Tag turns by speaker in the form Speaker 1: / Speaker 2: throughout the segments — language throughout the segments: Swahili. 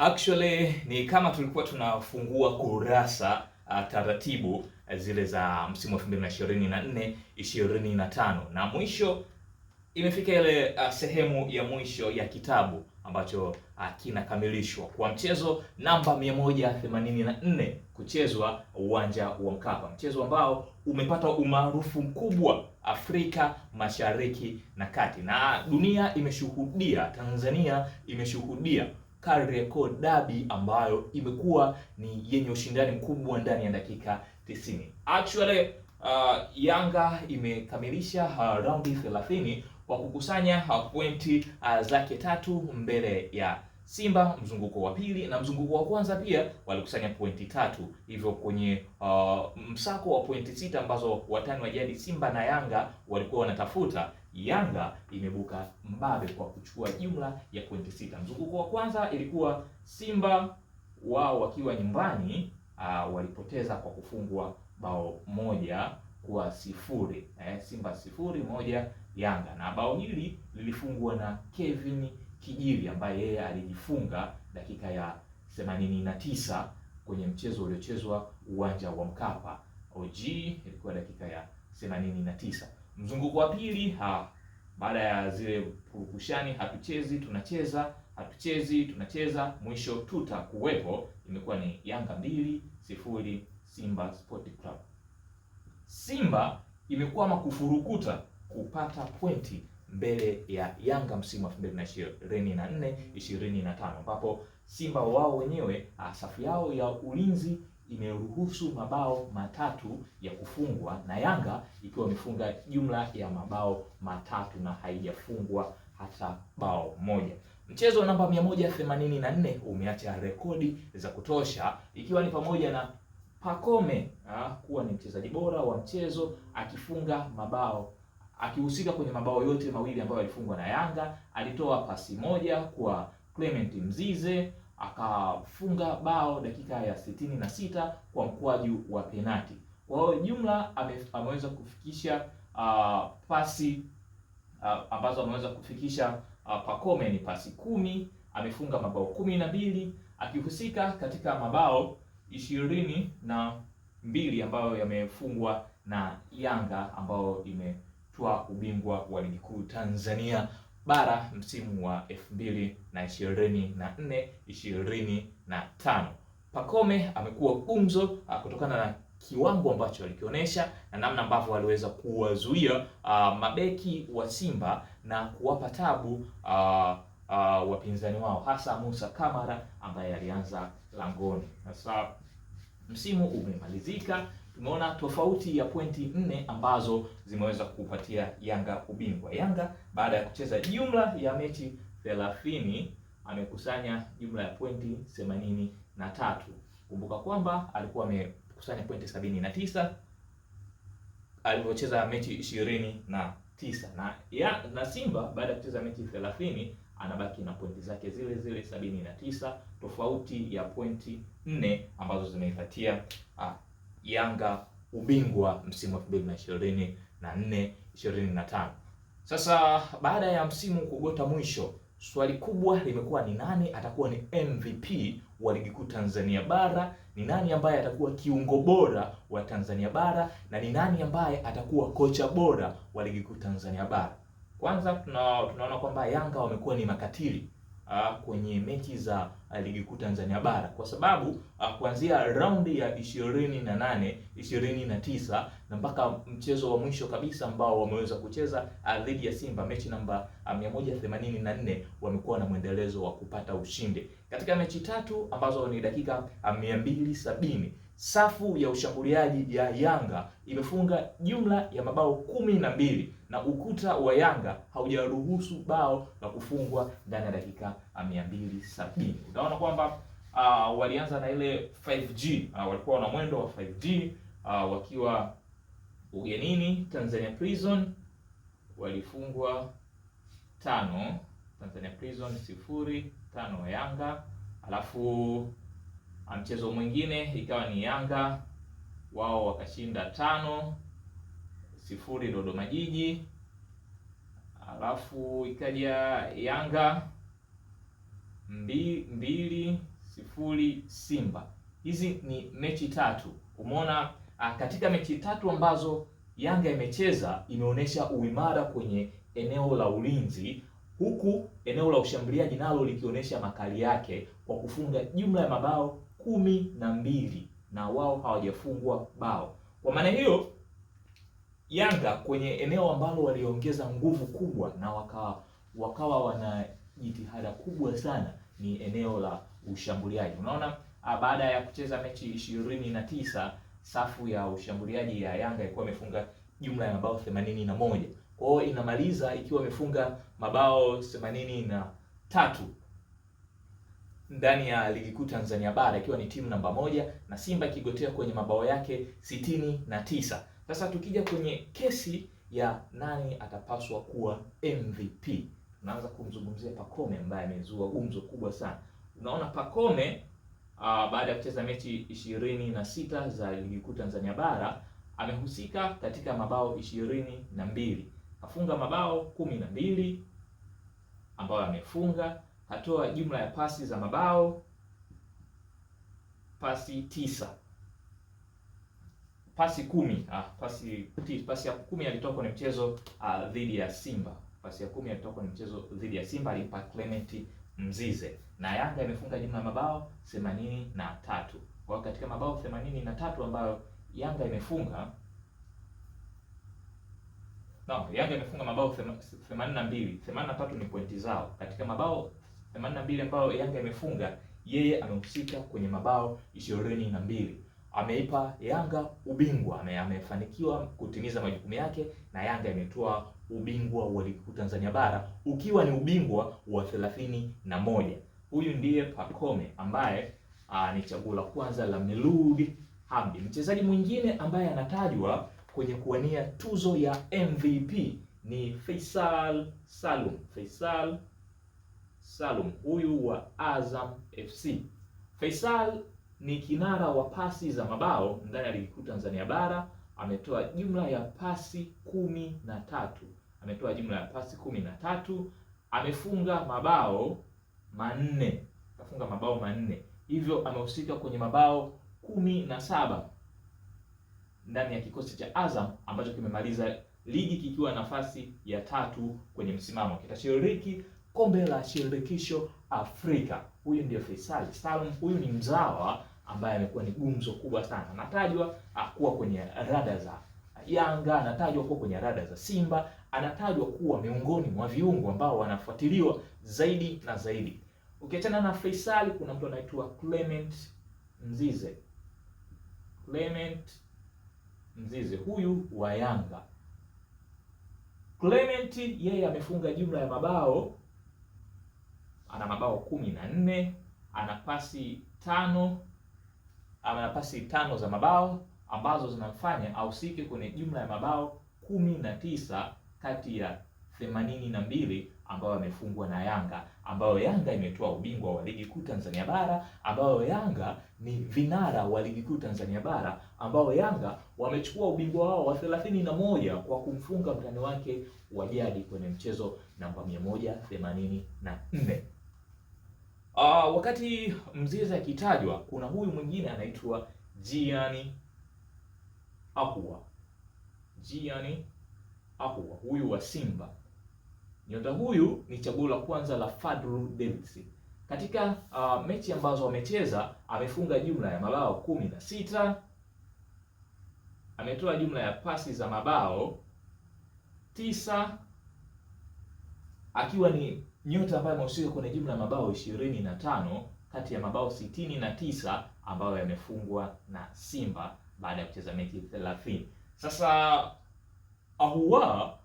Speaker 1: Actually ni kama tulikuwa tunafungua kurasa uh, taratibu eh, zile za msimu wa 2024 25, na mwisho imefika ile uh, sehemu ya mwisho ya kitabu ambacho uh, kinakamilishwa kwa mchezo namba 184 kuchezwa uwanja wa Mkapa, mchezo ambao umepata umaarufu mkubwa Afrika Mashariki na Kati, na dunia imeshuhudia, Tanzania imeshuhudia Kariakoo Derby ambayo imekuwa ni yenye ushindani mkubwa ndani ya dakika 90. Actually, uh, Yanga imekamilisha uh, raundi 30 kwa kukusanya uh, pointi uh, zake tatu mbele ya Simba mzunguko wa pili na mzunguko wa kwanza pia walikusanya pointi tatu, hivyo kwenye uh, msako wa pointi sita ambazo watani wa jadi Simba na Yanga walikuwa wanatafuta Yanga imebuka mbabe kwa kuchukua jumla ya pointi sita. Mzunguko wa kwanza ilikuwa Simba wao wakiwa nyumbani uh, walipoteza kwa kufungwa bao moja kwa sifuri eh, Simba sifuri moja Yanga, na bao hili lilifungwa na Kevin Kijivi ambaye yeye alijifunga dakika ya 89 kwenye mchezo uliochezwa uwanja wa Mkapa. OG ilikuwa dakika ya 89. Mzunguko wa pili ha, baada ya zile purukushani, hatuchezi tunacheza, hatuchezi tunacheza, mwisho tuta kuwepo, imekuwa ni Yanga mbili sifuri Simba Sport Club. Simba imekuwa makufurukuta kupata pointi mbele ya Yanga msimu 2024 ambapo Simba wao wenyewe safu yao ya ulinzi imeruhusu mabao matatu ya kufungwa na Yanga ikiwa imefunga jumla ya mabao matatu na haijafungwa hata bao moja. Mchezo namba 184 umeacha rekodi za kutosha ikiwa ni pamoja na Pacome ah, kuwa ni mchezaji bora wa mchezo akifunga mabao akihusika kwenye mabao yote mawili ambayo alifungwa na Yanga. Alitoa pasi moja kwa Clement Mzize akafunga bao dakika ya sitini na sita kwa mkwaju wa penati. Kwa hiyo jumla ameweza kufikisha uh, pasi uh, ambazo ameweza kufikisha uh, Pacome ni pasi kumi, amefunga mabao kumi na mbili akihusika katika mabao ishirini na mbili ambayo yamefungwa na Yanga ambayo ime kutwaa ubingwa wa ligi kuu Tanzania bara msimu wa 2024 2025. Pacome amekuwa gumzo ah, kutokana na kiwango ambacho alikionyesha na namna ambavyo aliweza kuwazuia uh, mabeki wa Simba na kuwapa tabu uh, uh, wapinzani wao hasa Musa Kamara ambaye alianza langoni. Sasa msimu umemalizika tumeona tofauti ya pointi nne ambazo zimeweza kupatia Yanga ubingwa. Yanga baada ya kucheza jumla ya mechi 30 amekusanya jumla ya pointi 83. Kumbuka kwamba alikuwa amekusanya pointi 79 alipocheza mechi 29 na na ya, na Simba baada ya kucheza mechi 30 anabaki na pointi zake zile zile sabini na tisa, tofauti ya pointi nne ambazo zimeipatia ah, Yanga ubingwa msimu wa 2024 25. Sasa baada ya msimu kugota mwisho, swali kubwa limekuwa ni nani atakuwa ni MVP wa ligi kuu Tanzania bara, ni nani ambaye atakuwa kiungo bora wa Tanzania bara, na ni nani ambaye atakuwa kocha bora wa ligi kuu Tanzania bara. Kwanza tunaona kwamba Yanga wamekuwa ni makatili uh, kwenye mechi za ah, ligi kuu Tanzania bara kwa sababu uh, kuanzia raundi ya ishirini na nane ishirini na tisa na mpaka mchezo wa mwisho kabisa ambao wameweza kucheza dhidi uh, ya Simba mechi namba uh, 184 wamekuwa na mwendelezo wa kupata ushindi katika mechi tatu ambazo ni dakika uh, 270 safu ya ushambuliaji ya Yanga imefunga jumla ya mabao kumi na mbili na ukuta wa Yanga haujaruhusu bao la kufungwa ndani ya dakika mia mbili sabini. Utaona kwamba uh, walianza na ile 5G uh, ah, walikuwa na mwendo wa 5G uh, ah, wakiwa ugenini Tanzania Prison walifungwa tano Tanzania Prison sifuri tano Yanga alafu na mchezo mwingine ikawa ni Yanga wao wakashinda tano sifuri Dodoma Jiji, alafu ikaja Yanga mbi, mbili sifuri Simba. Hizi ni mechi tatu. Umeona ah, katika mechi tatu ambazo Yanga imecheza imeonyesha uimara kwenye eneo la ulinzi huku eneo la ushambuliaji nalo likionyesha makali yake kwa kufunga jumla ya mabao kumi na mbili na wao hawajafungwa bao. Kwa maana hiyo, Yanga kwenye eneo ambalo waliongeza nguvu kubwa na wakawa wakawa wana jitihada kubwa sana ni eneo la ushambuliaji. Unaona, ah, baada ya kucheza mechi ishirini na tisa safu ya ushambuliaji ya Yanga ilikuwa imefunga jumla ya mabao themanini na moja. Kwa hiyo inamaliza ikiwa imefunga mabao themanini na tatu ndani ya ligi kuu Tanzania bara ikiwa ni timu namba moja na Simba ikigotea kwenye mabao yake sitini na tisa. Sasa tukija kwenye kesi ya nani atapaswa kuwa MVP, tunaanza kumzungumzia Pacome ambaye amezua gumzo kubwa sana. Unaona Pacome uh, baada ya kucheza mechi ishirini na sita za ligi kuu Tanzania bara amehusika katika mabao ishirini na mbili afunga mabao kumi na mbili ambayo amefunga atoa jumla ya pasi za mabao pasi tisa pasi kumi ah, pasi tisa. pasi ya kumi alitoa kwenye mchezo ah, dhidi ya Simba. Pasi ya kumi alitoa kwenye mchezo dhidi ya Simba, alimpa Clement Mzize, na Yanga imefunga jumla ya mabao 83. Kwa katika mabao 83 ambayo Yanga imefunga no, Yanga imefunga mabao 82, 83 ni pointi zao katika mabao 82 ambayo Yanga imefunga yeye amehusika kwenye mabao ishirini na mbili. Ameipa Yanga ubingwa, ame, amefanikiwa kutimiza majukumu yake na Yanga imetoa ubingwa wa ligi kuu Tanzania bara ukiwa ni ubingwa wa thelathini na moja. Huyu ndiye Pacome ambaye ni chaguo la kwanza la Meludi Hamdi. Mchezaji mwingine ambaye anatajwa kwenye kuwania tuzo ya MVP ni Faisal Salum. Faisal Salum huyu wa Azam FC. Faisal ni kinara wa pasi za mabao ndani ya ligi kuu Tanzania bara, ametoa jumla ya pasi kumi na tatu ametoa jumla ya pasi kumi na tatu amefunga mabao manne amefunga mabao manne, hivyo amehusika kwenye mabao kumi na saba ndani ya kikosi cha Azam ambacho kimemaliza ligi kikiwa nafasi ya tatu kwenye msimamo kitashiriki kombe la shirikisho Afrika. Huyu ndiye Faisal Salum, huyu ni mzawa ambaye amekuwa ni gumzo kubwa sana, anatajwa ah, kuwa kwenye rada za Yanga, anatajwa kuwa kwenye rada za Simba, anatajwa kuwa miongoni mwa viungo ambao wanafuatiliwa zaidi na zaidi. Ukiachana na Faisal, kuna mtu anaitwa Clement Mzize. Clement Mzize huyu wa Yanga. Clement yeye amefunga jumla ya mabao ana mabao kumi na nne, ana pasi tano, ana pasi tano za mabao ambazo zinamfanya ahusike kwenye jumla ya mabao kumi na tisa kati ya themanini na mbili ambayo amefungwa na Yanga, ambayo Yanga imetoa ubingwa wa ligi kuu Tanzania bara, ambayo Yanga ni vinara wa ligi kuu Tanzania bara, ambao Yanga wamechukua ubingwa wao wa thelathini na moja kwa kumfunga mtani wake wa jadi kwenye mchezo namba mia moja themanini na nne. Uh, wakati Mzize akitajwa kuna huyu mwingine anaitwa Gianni Ahua. Gianni Ahua huyu wa Simba. Nyota huyu ni chaguo la kwanza la Fadlu Davids. Katika uh, mechi ambazo wamecheza amefunga jumla ya mabao kumi na sita. Ametoa jumla ya pasi za mabao tisa akiwa ni nyota ambaye amehusika kwenye jumla ya mabao ishirini na tano kati ya mabao 69 na tisa ambayo yamefungwa na Simba baada ya kucheza mechi thelathini. Sasa Ahoua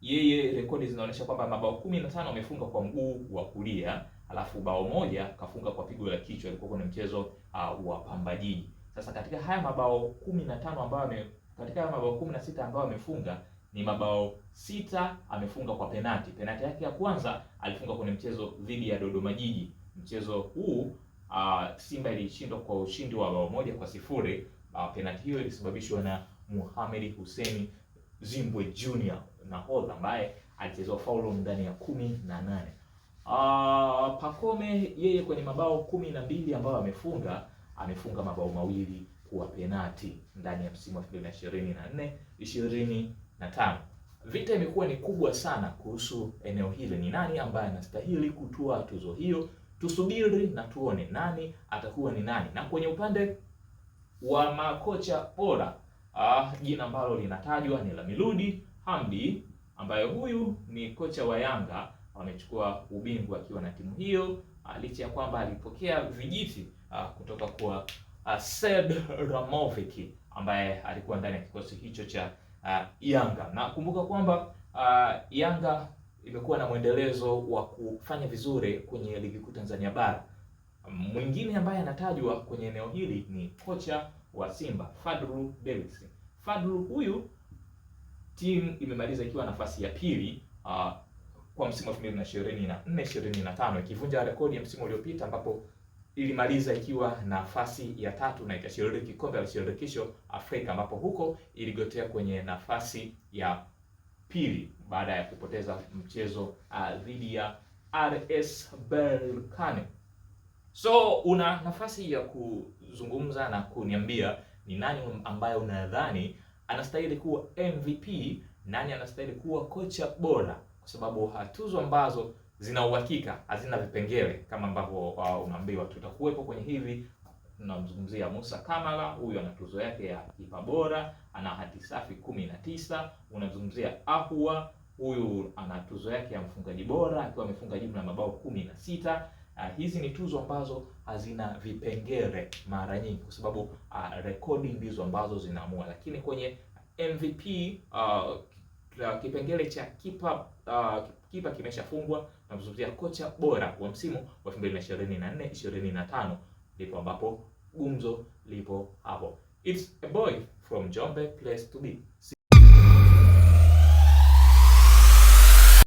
Speaker 1: yeye rekodi zinaonyesha kwamba mabao kumi na tano amefunga kwa mguu wa kulia, alafu bao moja kafunga kwa pigo la kichwa, ilikuwa kwenye mchezo uh, wa Pamba Jiji. Sasa katika haya mabao 15 ambayo ame, katika haya mabao kumi na sita ambayo amefunga ni mabao sita amefunga kwa penati. Penati yake ya kwanza alifunga kwenye mchezo dhidi ya Dodoma Jiji. Mchezo huu uh, Simba ilishindwa kwa ushindi wa bao moja kwa sifuri. Uh, penati hiyo ilisababishwa na Mohamed Hussein Zimbwe Junior nahodha ambaye alichezwa faulu ndani ya kumi na nane. Uh, ah, Pakome yeye kwenye mabao kumi na mbili ambayo amefunga amefunga mabao mawili kuwa penati ndani ya msimu wa 2024 20 na tano. Vita imekuwa ni kubwa sana kuhusu eneo hili, ni nani ambaye anastahili kutua tuzo hiyo. Tusubiri na tuone nani atakuwa ni nani. Na kwenye upande wa makocha bora ah, jina ambalo linatajwa ni la Miludi Hamdi, ambaye huyu ni kocha wa Yanga, amechukua ubingwa akiwa na timu hiyo ah, licha ya kwamba alipokea vijiti ah, kutoka kwa ah, Sed Ramovic ambaye alikuwa ndani ya kikosi hicho cha uh, Yanga na kumbuka kwamba uh, Yanga imekuwa na mwendelezo wa kufanya vizuri kwenye ligi kuu Tanzania bara. Mwingine ambaye anatajwa kwenye eneo hili ni kocha wa Simba fadru Davis. fadru huyu timu imemaliza ikiwa nafasi ya pili uh, kwa msimu wa 2024 2025 ikivunja rekodi ya msimu uliopita ambapo ilimaliza ikiwa nafasi ya tatu na ikashiriki kikombe la shirikisho Afrika, ambapo huko iligotea kwenye nafasi ya pili baada ya kupoteza mchezo ah, dhidi ya RS Berkane. So una nafasi ya kuzungumza na kuniambia ni nani ambaye unadhani anastahili kuwa MVP, nani anastahili kuwa kocha bora, kwa sababu hatuzo ambazo zina uhakika, hazina vipengele kama ambavyo uh, unaambiwa tutakuwepo kwenye hivi. Tunamzungumzia Musa Kamara, huyu ana tuzo yake ya kipa bora, ana hati safi kumi na tisa. Unamzungumzia Ahua, huyu ana tuzo yake ya mfungaji bora akiwa amefunga jumla ya mabao kumi na sita. Uh, hizi ni tuzo ambazo hazina vipengele mara nyingi, kwa sababu uh, rekodi ndizo ambazo zinaamua, lakini kwenye MVP uh, uh, kipengele cha kipa uh, kipa kimeshafungwa na kocha bora wa msimu wa 2024 25, ndipo ambapo gumzo lipo hapo. It's a boy from Jombe place to be.